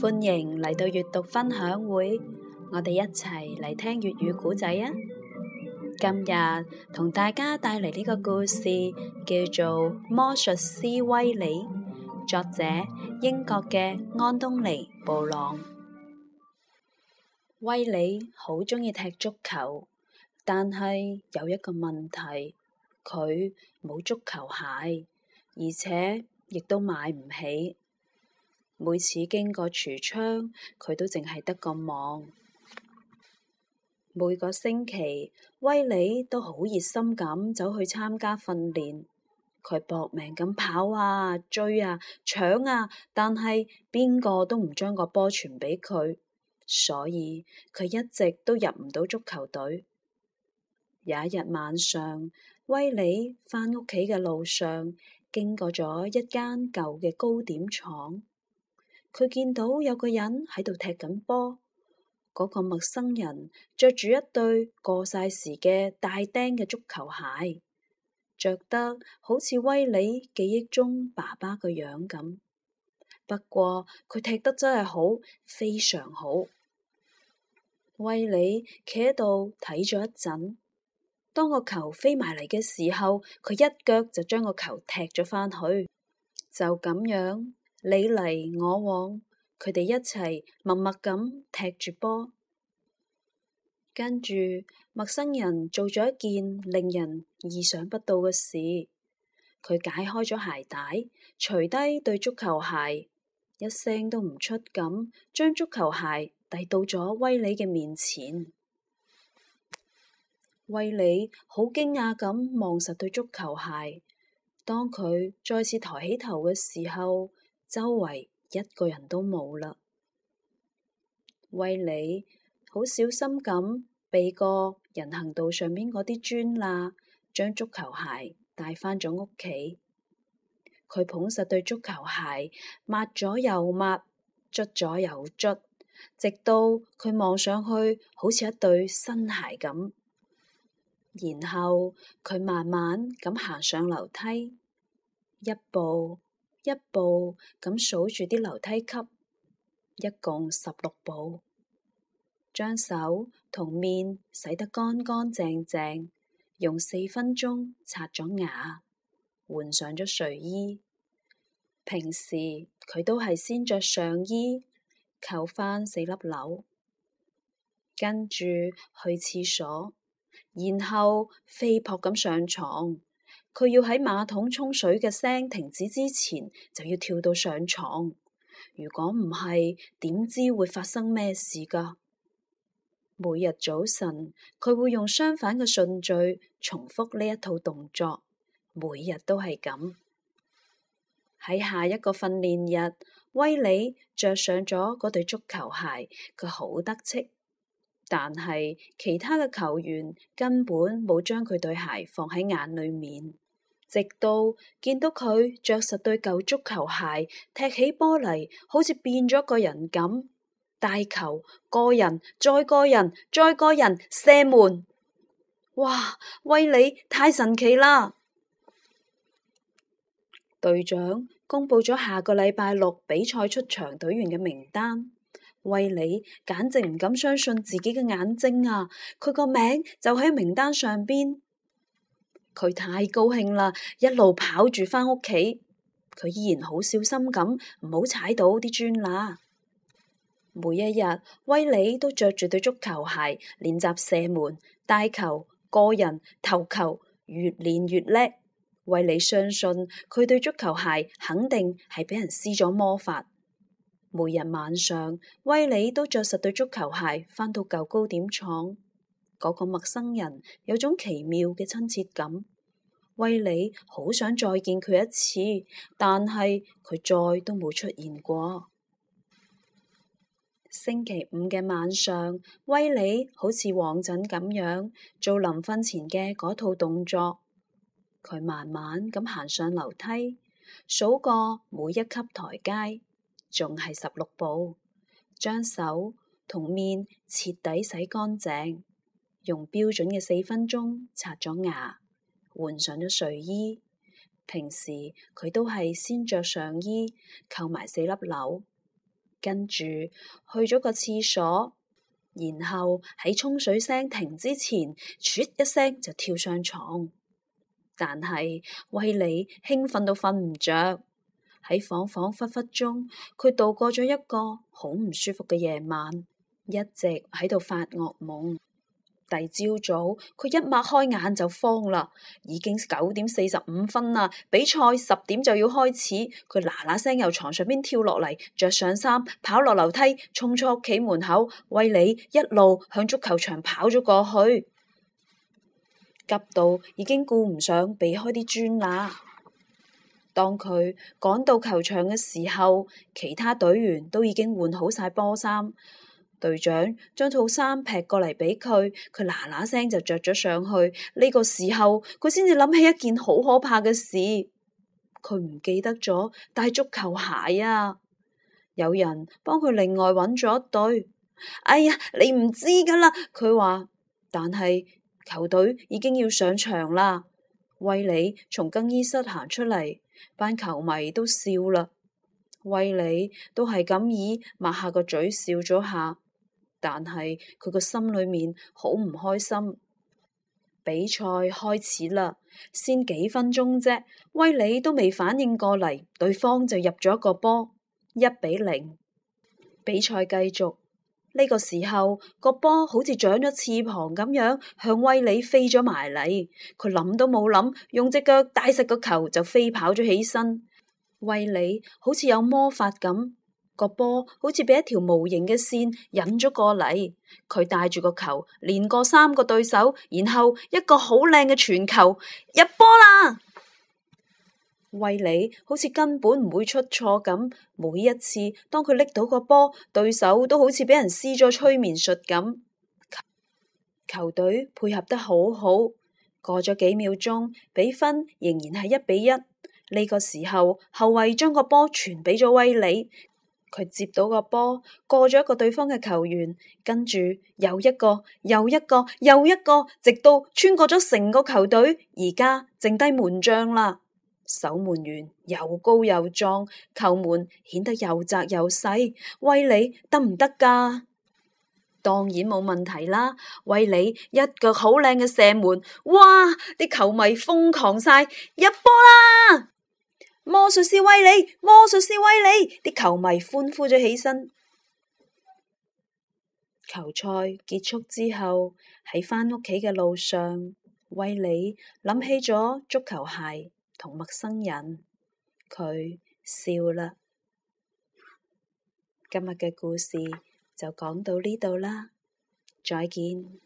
歡迎嚟到閱讀分享會，我哋一齊嚟聽粵語故仔啊！今日同大家帶嚟呢個故事叫做《魔術師威利》，作者英國嘅安東尼·布朗。威利好鍾意踢足球，但係有一個問題，佢冇足球鞋，而且亦都買唔起。每次經過櫥窗，佢都淨係得個望。每個星期，威利都好熱心咁走去參加訓練。佢搏命咁跑啊、追啊、搶啊，但係邊個都唔將個波傳俾佢，所以佢一直都入唔到足球隊。有一日晚上，威利返屋企嘅路上經過咗一間舊嘅糕點廠。佢見到有個人喺度踢緊波，嗰個陌生人着住一對過晒時嘅大釘嘅足球鞋，着得好似威利記憶中爸爸個樣咁。不過佢踢得真係好，非常好。威利企喺度睇咗一陣，當個球飛埋嚟嘅時候，佢一腳就將個球踢咗翻去，就咁樣。你嚟我往，佢哋一齊默默咁踢住波。跟住，陌生人做咗一件令人意想不到嘅事，佢解開咗鞋帶，除低對足球鞋，一聲都唔出咁，將足球鞋遞到咗威利嘅面前。威利好驚訝咁望實對足球鞋，當佢再次抬起頭嘅時候。周圍一個人都冇啦，威利好小心咁避過人行道上面嗰啲磚啦，將足球鞋帶返咗屋企。佢捧實對足球鞋，抹咗又抹，捽咗又捽，直到佢望上去好似一對新鞋咁。然後佢慢慢咁行上樓梯，一步，一步咁數住啲樓梯級，一共十六步。將手同面洗得乾乾淨淨，用四分鐘刷咗牙，換上咗睡衣。平時佢都係先着上衣，扣翻四粒紐，跟住去廁所，然後飛撲咁上床。佢要喺馬桶沖水嘅聲停止之前，就要跳到上床。如果唔係，點知會發生咩事㗎？每日早晨，佢會用相反嘅順序重複呢一套動作。每日都係咁。喺下一個訓練日，威利着上咗嗰對足球鞋，佢好得戚。但係其他嘅球員根本冇將佢對鞋放喺眼裏面，直到見到佢着實對舊足球鞋踢起波嚟，好似變咗個人咁，帶球過人再過人再過人射門，哇！威利太神奇啦！隊長公布咗下個禮拜六比賽出場隊員嘅名單。威利簡直唔敢相信自己嘅眼睛啊！佢個名就喺名單上邊，佢太高興啦，一路跑住返屋企。佢依然好小心咁，唔好踩到啲磚罅。每一日，威利都着住對足球鞋練習射門、帶球、個人、投球，越練越叻。威利相信佢對足球鞋肯定係俾人施咗魔法。每日晚上，威利都着實對足球鞋返到舊糕點廠。嗰個陌生人有種奇妙嘅親切感，威利好想再見佢一次，但係佢再都冇出現過。星期五嘅晚上，威利好似往陣咁樣做臨瞓前嘅嗰套動作。佢慢慢咁行上樓梯，數過每一級台階。仲係十六步，將手同面徹底洗乾淨，用標準嘅四分鐘刷咗牙，換上咗睡衣。平時佢都係先着上衣，扣埋四粒紐跟住去咗個廁所，然後喺沖水聲停之前，唰一聲就跳上床。但係威利興奮到瞓唔着。喺恍恍惚惚中，佢度過咗一個好唔舒服嘅夜晚，一直喺度發噩夢。第朝早，佢一擘開眼就慌啦，已經九點四十五分啦，比賽十點就要開始。佢嗱嗱聲由床上邊跳落嚟，着上衫，跑落樓梯，衝出屋企門口，威利一路向足球場跑咗過去，急到已經顧唔上避開啲磚啦。當佢趕到球場嘅時候，其他隊員都已經換好晒波衫。隊長將套衫劈過嚟俾佢，佢嗱嗱聲就着咗上去。呢個時候，佢先至諗起一件好可怕嘅事，佢唔記得咗帶足球鞋啊！有人幫佢另外揾咗一對。哎呀，你唔知噶啦，佢話，但係球隊已經要上場啦。威利從更衣室行出嚟，班球迷都笑啦。威利都係咁以抹下個嘴笑咗下，但係佢個心裏面好唔開心。比賽開始啦，先幾分鐘啫，威利都未反應過嚟，對方就入咗個波，一比零。比賽繼續。呢個時候，個波好似長咗翅膀咁樣向威利飛咗埋嚟，佢諗都冇諗，用隻腳帶實個球就飛跑咗起身。威利好似有魔法咁，個波好似俾一條無形嘅線引咗過嚟，佢帶住個球連過三個對手，然後一個好靚嘅傳球入波啦！威利好似根本唔會出錯咁，每一次當佢拎到個波，對手都好似俾人施咗催眠術咁。球隊配合得好好，過咗幾秒鐘，比分仍然係一比一。呢個時候，後衛將個波傳俾咗威利，佢接到個波，過咗一個對方嘅球員，跟住又一個又一個又一個，直到穿過咗成個球隊，而家剩低門將啦。守門員又高又壯，球門顯得又窄又細。威利得唔得㗎？當然冇問題啦。威利一腳好靚嘅射門，哇！啲球迷瘋狂晒，入波啦！魔術師威利，魔術師威利，啲球迷歡呼咗起身。球賽結束之後，喺返屋企嘅路上，威利諗起咗足球鞋。同陌生人，佢笑啦。今日嘅故事就講到呢度啦，再見。